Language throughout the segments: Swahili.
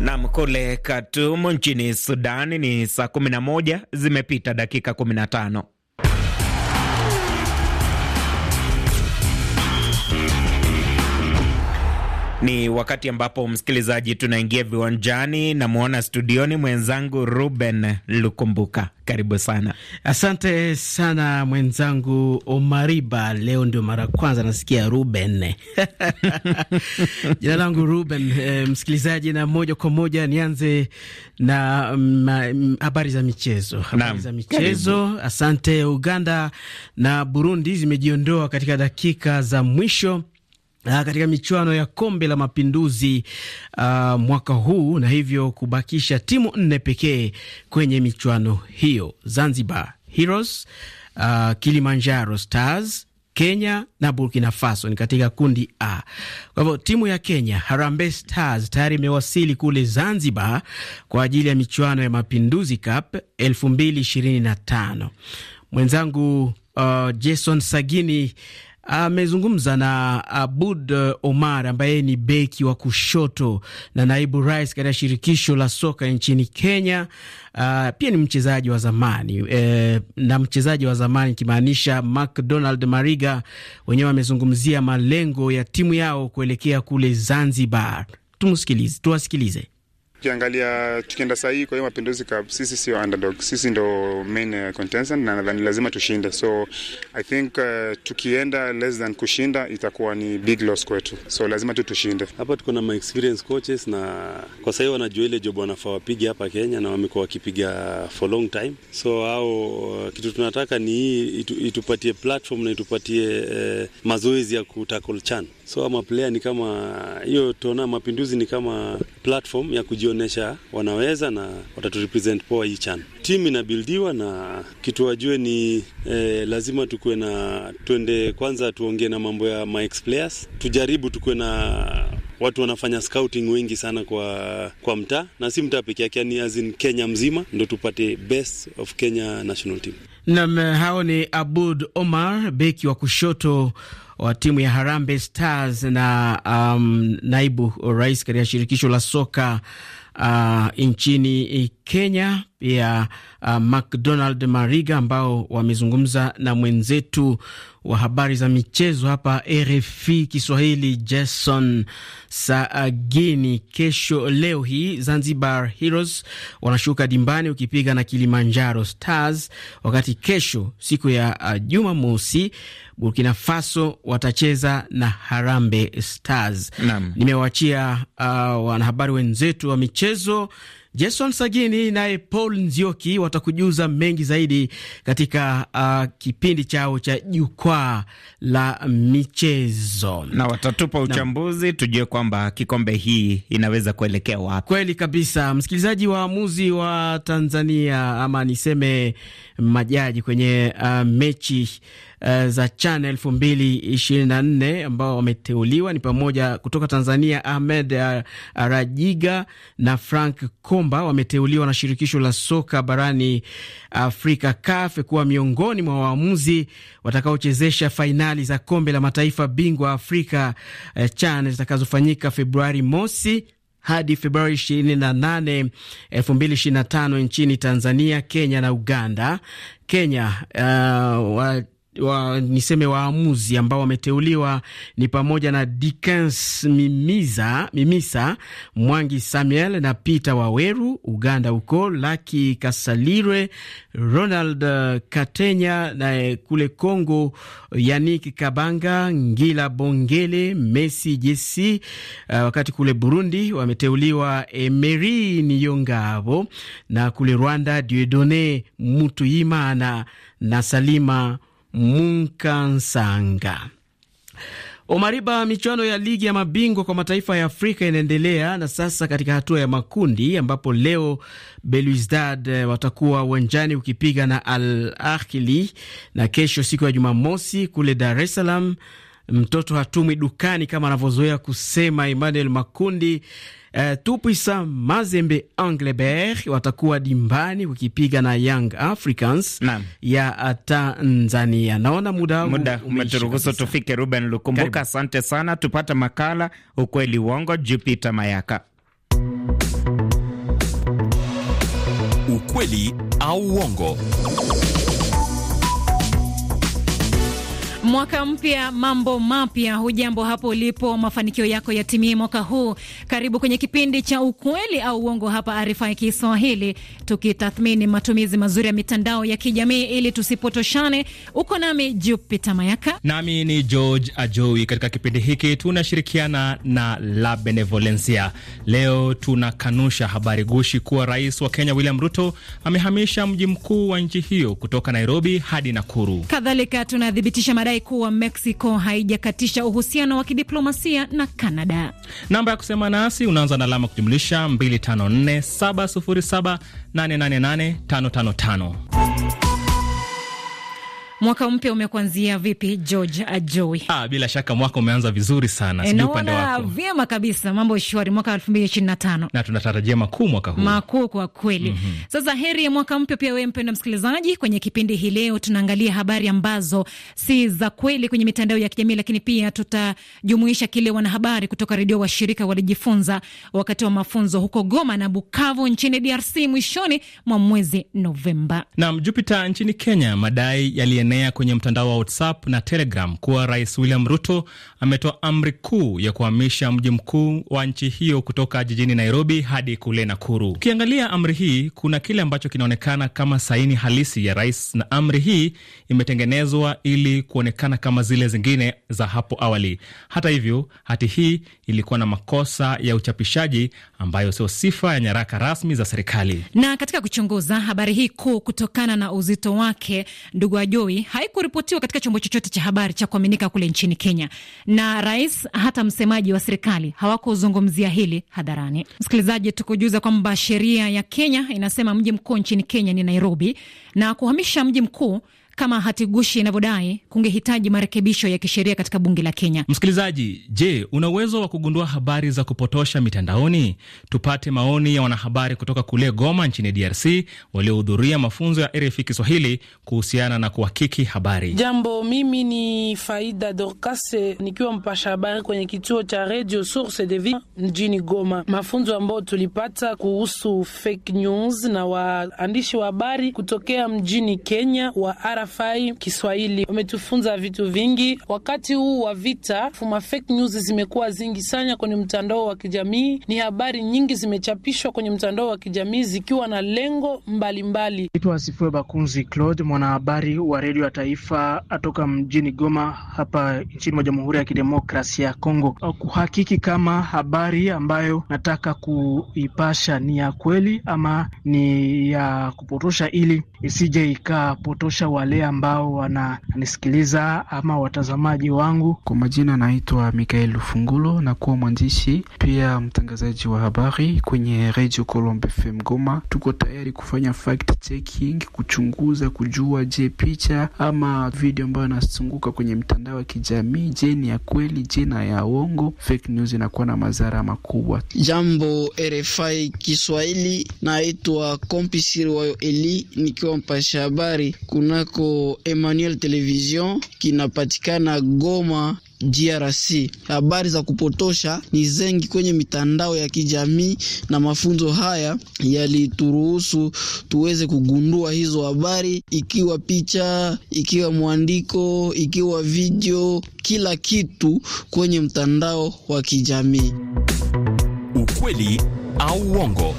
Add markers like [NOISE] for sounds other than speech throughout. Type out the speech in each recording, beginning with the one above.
Nam, kule Katumu nchini Sudani ni saa 11 zimepita dakika 15. Ni wakati ambapo msikilizaji, tunaingia viwanjani. Namwona studioni mwenzangu Ruben Lukumbuka, karibu sana. Asante sana mwenzangu Omariba, leo ndio mara kwanza nasikia Ruben [LAUGHS] jina langu Ruben. E, msikilizaji, na moja kwa moja nianze na mm, mm, habari za michezo. Habari za michezo, karibu. Asante. Uganda na Burundi zimejiondoa katika dakika za mwisho Ah, katika michuano ya kombe la mapinduzi uh, mwaka huu na hivyo kubakisha timu nne pekee kwenye michuano hiyo: Zanzibar Heroes, uh, Kilimanjaro Stars, Kenya na Burkina Faso ni katika kundi A. Kwa hivyo timu ya Kenya Harambee Stars tayari imewasili kule Zanzibar kwa ajili ya michuano ya Mapinduzi Cup 2025. Mwenzangu uh, Jason Sagini amezungumza na Abud eh, Omar ambaye ni beki wa kushoto na naibu rais katika shirikisho la soka nchini Kenya. Uh, pia ni mchezaji wa zamani e, na mchezaji wa zamani kimaanisha McDonald Mariga. Wenyewe amezungumzia malengo ya timu yao kuelekea kule Zanzibar. Tumsikilize, tuwasikilize. Ukiangalia tukienda sahii hii, kwa hiyo Mapinduzi Cup sisi sio underdog, sisi ndo main uh, contender na nadhani lazima tushinde, so I think uh, tukienda less than kushinda itakuwa ni big loss kwetu, so lazima tu tushinde. Hapa tuko na my experience coaches na kwa sasa wanajua ile job wanafaa wapige hapa Kenya na wamekuwa wakipiga for long time, so au uh, kitu tunataka ni hii itu, itupatie platform na itupatie uh, mazoezi ya kutackle CHAN So ama player ni kama hiyo, tuona mapinduzi ni kama platform ya kujionyesha wanaweza na watatu-represent poa hii chan. Timu inabildiwa na kitu wajue ni eh, lazima tukue na tuende kwanza, tuongee na mambo ya my players, tujaribu tukuwe na watu wanafanya scouting wengi sana kwa, kwa mtaa na si mtaa peke yake, yani azin Kenya mzima, ndo tupate best of Kenya national team. Nam, hao ni Abud Omar, beki wa kushoto wa timu ya harambe Stars na um, naibu rais katika shirikisho la soka uh, nchini Kenya pia uh, McDonald Mariga ambao wamezungumza na mwenzetu wa habari za michezo hapa RFI Kiswahili Jason Saagini. Kesho leo hii Zanzibar Heroes wanashuka dimbani ukipiga na Kilimanjaro Stars, wakati kesho siku ya uh, Jumamosi Burkina Faso watacheza na harambe Stars. Nimewachia uh, wanahabari wenzetu wa michezo Jason Sagini naye Paul Nzioki watakujuza mengi zaidi katika uh, kipindi chao cha jukwaa la michezo, na watatupa uchambuzi na tujue kwamba kikombe hii inaweza kuelekea wapi. Kweli kabisa, msikilizaji. Waamuzi wa Tanzania ama niseme majaji kwenye uh, mechi Eh, za CHAN 224 ambao wameteuliwa ni pamoja kutoka Tanzania Ahmed Rajiga na Frank Komba, wameteuliwa na shirikisho la soka barani Afrika CAF kuwa miongoni mwa waamuzi watakaochezesha fainali za kombe la mataifa bingwa Afrika eh, CHAN zitakazofanyika Februari mosi hadi Februari 28, 2025 nchini Tanzania, Kenya na Uganda. Kenya uh, wa, niseme waamuzi ambao wameteuliwa ni pamoja na Dickens Mimiza, Mimisa Mwangi Samuel na Peter Waweru Uganda huko, Laki Kasalire, Ronald uh, Katenya na kule Congo, Yannick Kabanga, Ngila Bongele, Messi Jesi. Uh, wakati kule Burundi wameteuliwa Emery Niyongabo na kule Rwanda Dieudonne Mutuyima na, na Salima Munkansanga. Omariba, michuano ya ligi ya mabingwa kwa mataifa ya Afrika inaendelea na sasa katika hatua ya makundi ambapo leo Belouizdad eh, watakuwa uwanjani ukipiga na Al Ahli na kesho siku ya Jumamosi kule Dar es Salaam mtoto hatumwi dukani kama anavyozoea kusema Emmanuel Makundi. Uh, eh, Tupwisa Mazembe Anglebert watakuwa dimbani wakipiga na Young Africans na ya ah, Tanzania. Naona muda muda umeturuhusu tufike. Ruben Lukumbuka, asante sana. Tupata makala ukweli uongo, Jupiter Mayaka. Ukweli au uongo Mwaka mpya, mambo mapya. Hujambo hapo ulipo, mafanikio yako yatimie mwaka huu. Karibu kwenye kipindi cha ukweli au uongo hapa ya Kiswahili, tukitathmini matumizi mazuri ya mitandao ya kijamii ili tusipotoshane. Uko nami Jupita Mayaka, nami ni George Ajowi. Katika kipindi hiki tunashirikiana na La Benevolencia. Leo tunakanusha habari gushi kuwa rais wa Kenya William Ruto amehamisha mji mkuu wa nchi hiyo kutoka Nairobi hadi Nakuru. Kadhalika tunathibitisha madai anadai kuwa Mexico haijakatisha uhusiano wa kidiplomasia na Canada. Namba ya kusema nasi unaanza na alama kujumlisha 254 Mwaka mpya umekuanzia vipi George Ajoi? Ah, bila shaka mwaka umeanza vizuri sana, sijui upande wako. Vyema kabisa, mambo shwari, mwaka elfu mbili ishirini na tano na tunatarajia makuu mwaka huu, makuu kwa kweli. mm -hmm. Sasa heri ya mwaka mpya pia wewe mpendo msikilizaji. Kwenye kipindi hii leo tunaangalia habari ambazo si za kweli kwenye mitandao ya kijamii, lakini pia tutajumuisha kile wanahabari kutoka redio washirika walijifunza wakati wa mafunzo huko Goma na Bukavu nchini DRC mwishoni mwa mwezi Novemba. Naam, Jupiter nchini Kenya madai yali imeenea kwenye mtandao wa WhatsApp na Telegram kuwa Rais William Ruto ametoa amri kuu ya kuhamisha mji mkuu wa nchi hiyo kutoka jijini Nairobi hadi kule Nakuru. Ukiangalia amri hii, kuna kile ambacho kinaonekana kama saini halisi ya rais, na amri hii imetengenezwa ili kuonekana kama zile zingine za hapo awali. Hata hivyo, hati hii ilikuwa na makosa ya uchapishaji ambayo sio sifa ya nyaraka rasmi za serikali. Na katika kuchunguza habari hii kuu kutokana na uzito wake, ndugu Ajoi haikuripotiwa katika chombo chochote cha habari cha kuaminika kule nchini Kenya, na rais hata msemaji wa serikali hawakuzungumzia hili hadharani. Msikilizaji, tukujuza kwamba sheria ya Kenya inasema mji mkuu nchini Kenya ni Nairobi, na kuhamisha mji mkuu kama hatigushi inavyodai kungehitaji marekebisho ya kisheria katika bunge la Kenya. Msikilizaji, je, una uwezo wa kugundua habari za kupotosha mitandaoni? Tupate maoni ya wanahabari kutoka kule Goma nchini DRC waliohudhuria mafunzo ya RFI Kiswahili kuhusiana na kuhakiki habari. Jambo, mimi ni Faida Dorkase nikiwa mpasha habari kwenye kituo cha Radio Source de Vie mjini Goma. Mafunzo ambayo tulipata kuhusu fake news na waandishi wa habari kutokea mjini Kenya wa RFI hafai Kiswahili. Wametufunza vitu vingi wakati huu wa vita fuma. Fake news zimekuwa zingi sana kwenye mtandao wa kijamii, ni habari nyingi zimechapishwa kwenye mtandao wa kijamii zikiwa na lengo mbalimbali. Naitwa Asifiwe Bakunzi Claude, mwanahabari wa redio ya taifa atoka mjini Goma hapa nchini mwa Jamhuri ya Kidemokrasia ya Kongo, kuhakiki kama habari ambayo nataka kuipasha ni ya kweli ama ni ya kupotosha, ili isije ikapotosha wale wale ambao wananisikiliza ama watazamaji wangu. Kwa majina naitwa Mikael Lufungulo na kuwa mwandishi pia mtangazaji wa habari kwenye Radio Colombe FM Goma. Tuko tayari kufanya fact checking, kuchunguza, kujua je, picha ama video ambayo inasunguka kwenye mtandao wa kijamii, je ni ya kweli, je na ya uongo? Fake news inakuwa na madhara makubwa. Jambo RFI Kiswahili, naitwa Kompisiri Wayo Eli nikiwa mpasha habari kunako Emmanuel Television kinapatikana Goma DRC. Habari za kupotosha ni zengi kwenye mitandao ya kijamii, na mafunzo haya yalituruhusu tuweze kugundua hizo habari, ikiwa picha, ikiwa mwandiko, ikiwa video, kila kitu kwenye mtandao wa kijamii. Ukweli au uongo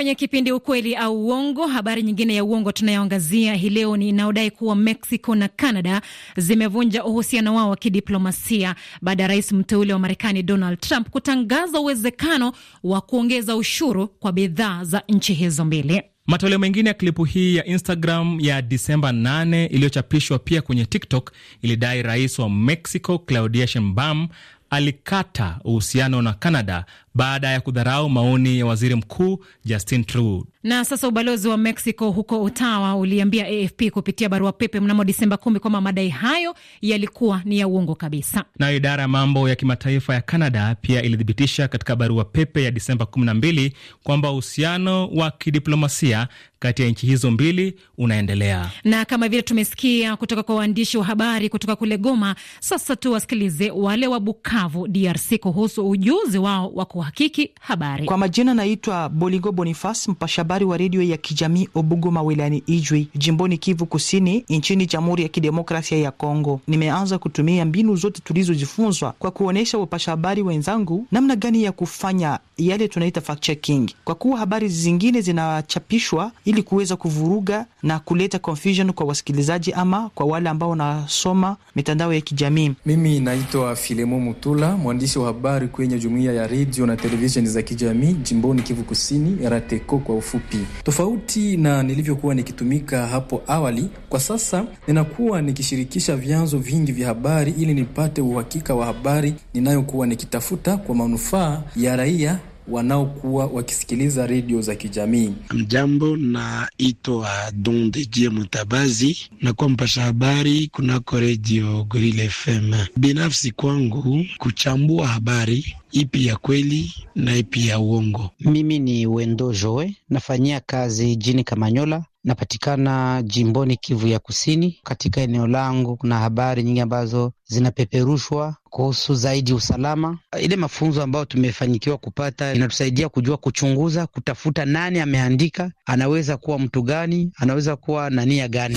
Kwenye kipindi ukweli au uongo, habari nyingine ya uongo tunayoangazia hii leo ni inaodai kuwa Mexico na Canada zimevunja uhusiano wao wa kidiplomasia baada ya rais mteule wa Marekani Donald Trump kutangaza uwezekano wa kuongeza ushuru kwa bidhaa za nchi hizo mbili. Matoleo mengine ya klipu hii ya Instagram ya Disemba 8 iliyochapishwa pia kwenye TikTok ilidai rais wa Mexico Claudia Sheinbaum alikata uhusiano na Canada baada ya kudharau maoni ya waziri mkuu Justin Trudeau. Na sasa ubalozi wa Mexico huko Ottawa uliambia AFP kupitia barua pepe mnamo Disemba kumi kwamba madai hayo yalikuwa ni ya uongo kabisa. Nayo idara ya mambo ya kimataifa ya Canada pia ilithibitisha katika barua pepe ya Disemba kumi na mbili kwamba uhusiano wa kidiplomasia kati ya nchi hizo mbili unaendelea. Na kama vile tumesikia kutoka kwa waandishi wa habari kutoka kule Goma, sasa tu wasikilize wale wa Bukavu, DRC kuhusu ujuzi wao wa kuhakiki habari. Kwa majina naitwa Bolingo Bonifas, mpasha habari wa redio ya kijamii Obugoma wilayani Ijwi, jimboni Kivu Kusini, nchini Jamhuri ya Kidemokrasia ya Kongo. Nimeanza kutumia mbinu zote tulizojifunzwa kwa kuonyesha wapasha habari wenzangu namna gani ya kufanya yale tunaita fact checking, kwa kuwa habari zingine zinachapishwa ili kuweza kuvuruga na kuleta confusion kwa wasikilizaji ama kwa wale ambao wanasoma mitandao ya kijamii. Mimi naitwa Filemo Mutula, mwandishi wa habari kwenye jumuiya ya redio na televisheni za kijamii jimboni Kivu Kusini, rateko kwa ufupi. Tofauti na nilivyokuwa nikitumika hapo awali, kwa sasa ninakuwa nikishirikisha vyanzo vingi vya habari ili nipate uhakika wa habari ninayokuwa nikitafuta kwa manufaa ya raia wanaokuwa wakisikiliza redio za kijamii. Mjambo, naitwa Jie Mutabazi, nakuwa mpasha habari kunako redio gril FM. Binafsi kwangu kuchambua habari ipi ya kweli na ipi ya uongo. Mimi ni Wendo Joe, nafanyia kazi jini Kamanyola Napatikana jimboni Kivu ya Kusini, katika eneo langu kuna habari nyingi ambazo zinapeperushwa kuhusu zaidi usalama. Ile mafunzo ambayo tumefanyikiwa kupata inatusaidia kujua, kuchunguza, kutafuta nani ameandika, anaweza kuwa mtu gani, anaweza kuwa na nia gani.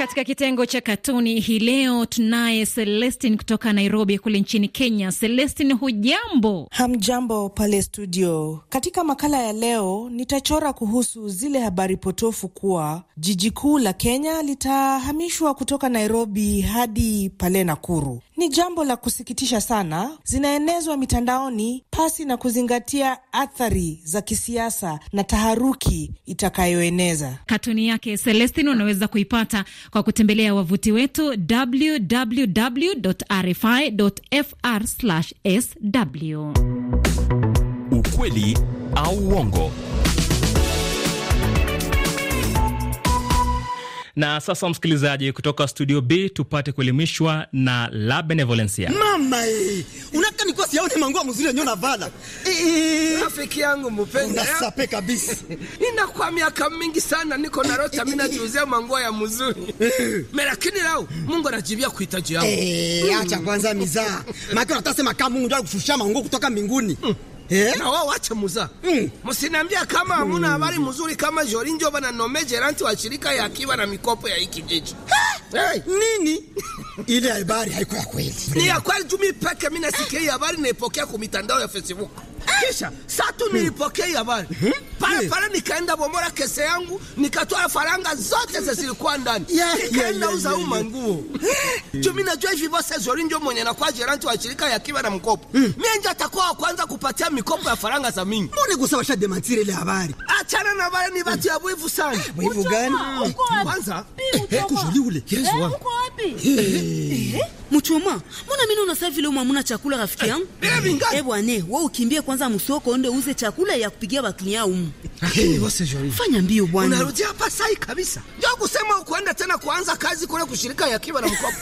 Katika kitengo cha katuni hii leo tunaye Celestin kutoka Nairobi kule nchini Kenya. Celestin, hujambo? Hamjambo pale studio. Katika makala ya leo nitachora kuhusu zile habari potofu kuwa jiji kuu la Kenya litahamishwa kutoka Nairobi hadi pale Nakuru. Ni jambo la kusikitisha sana, zinaenezwa mitandaoni pasi na kuzingatia athari za kisiasa na taharuki itakayoeneza. Katuni yake Celestin unaweza kuipata kwa kutembelea wavuti wetu www.rfi.fr/sw. Ukweli au uongo Na sasa msikilizaji, kutoka studio B tupate kuelimishwa na la Benevolencia. Mama eh, unataka nikosi yaone manguo mzuri yenyewe na vala. Eh, eh, eh. Rafiki yangu mpenzi, unasape kabisa. [LAUGHS] Nina miaka mingi sana niko na rota mimi najiuzia manguo ya mzuri. Lakini leo Mungu anajibia kuhitaji yangu. Eh, acha kwanza mizaa. Maana unataka kama Mungu ndio akufushia manguo kutoka mbinguni. Mm eh? na wao wache muza hmm. msiniambia mm. kama hamuna mm. habari mzuri kama Jorinjo bana nome Geranti wa shirika ya akiba na mikopo ya hiki jiji hey. nini [LAUGHS] ile habari haiko ya kweli ni ya kweli tu mimi peke mimi nasikia hii habari naipokea kwa mitandao ya Facebook kisha saa tu hmm. nilipokea habari hmm? pale pale, nikaenda bomora kese yangu, nikatoa faranga zote hmm. zilikuwa ndani, nikaenda uza uma nguo jumi. Najua hivi bosi Zori ndio mwenye nakuwa jeranti wa shirika ya kiba na mkopo. Mimi ndio atakuwa wa kwanza kupatia mikopo ya faranga za mingi. Mbona kusababisha demantire ile habari? Achana na bale ni batu ya buivu sana. buivu gani? Kwanza eh, kujuli ule Yesu eh, wangu Mtu eh, eh, Mchoma, mbona mimi unasaa vile umamuna chakula rafiki eh, yangu? Eh bwana, wewe ukimbie kwanza msoko ndio uze chakula ya kupigia baklia umu. Fanya mbio bwana. Unarudia hapa sai kabisa. Njoo kusema ukuenda tena kuanza kazi kule kushirika ya kiba na mkopo.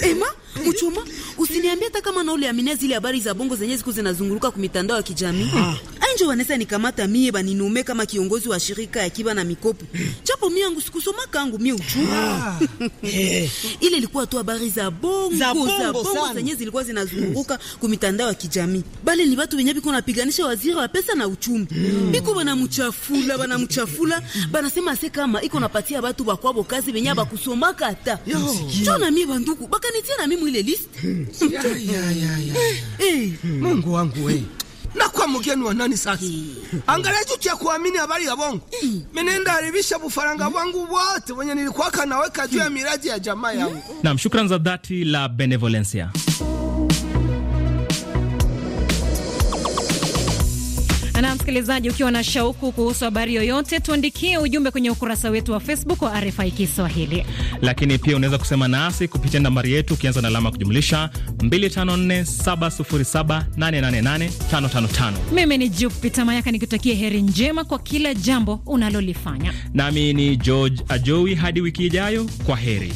Ema, [LAUGHS] mtu Mchoma, usiniambie hata kama na ule aminezi ile habari za bongo zenye siku zinazunguluka kumitandao ya kijamii. Ah njo wanaweza nikamata mie baninume kama kiongozi wa shirika ya kiba na mikopo chapo mie angu sikusoma kangu mie uchua ah, eh. [LAUGHS] ile ilikuwa tu habari za bongo za bongo za bongo zenye zilikuwa zinazunguruka kumitandao ya kijamii bale ni watu wenye biko napiganisha waziri wa pesa na uchumi hmm. biko mchafula bana sema se kama iko napatia batu kwabo kazi benye bakusomaka ata Yo, na mie banduku baka nitia na mimi ile list hmm. Ya ya ya ya. [LAUGHS] Eh. Mungu wangu wewe eh kwa mugeni wa nani sasa? Angalia jutia kuamini habari ya bongo. nenda alivisha bufaranga hmm. wangu wote wenye nilikuwa kanaweka juu ya hmm. miradi ya jamaa hmm. yangu. Naam, shukrani za dhati la Benevolencia. Na msikilizaji, ukiwa na shauku kuhusu habari yoyote, tuandikie ujumbe kwenye ukurasa wetu wa Facebook wa RFI Kiswahili. Lakini pia unaweza kusema nasi kupitia nambari yetu ukianza na alama kujumlisha 254707888555. Mimi ni Jupita Mayaka nikutakie heri njema kwa kila jambo unalolifanya, nami ni George Ajowi. Hadi wiki ijayo, kwa heri.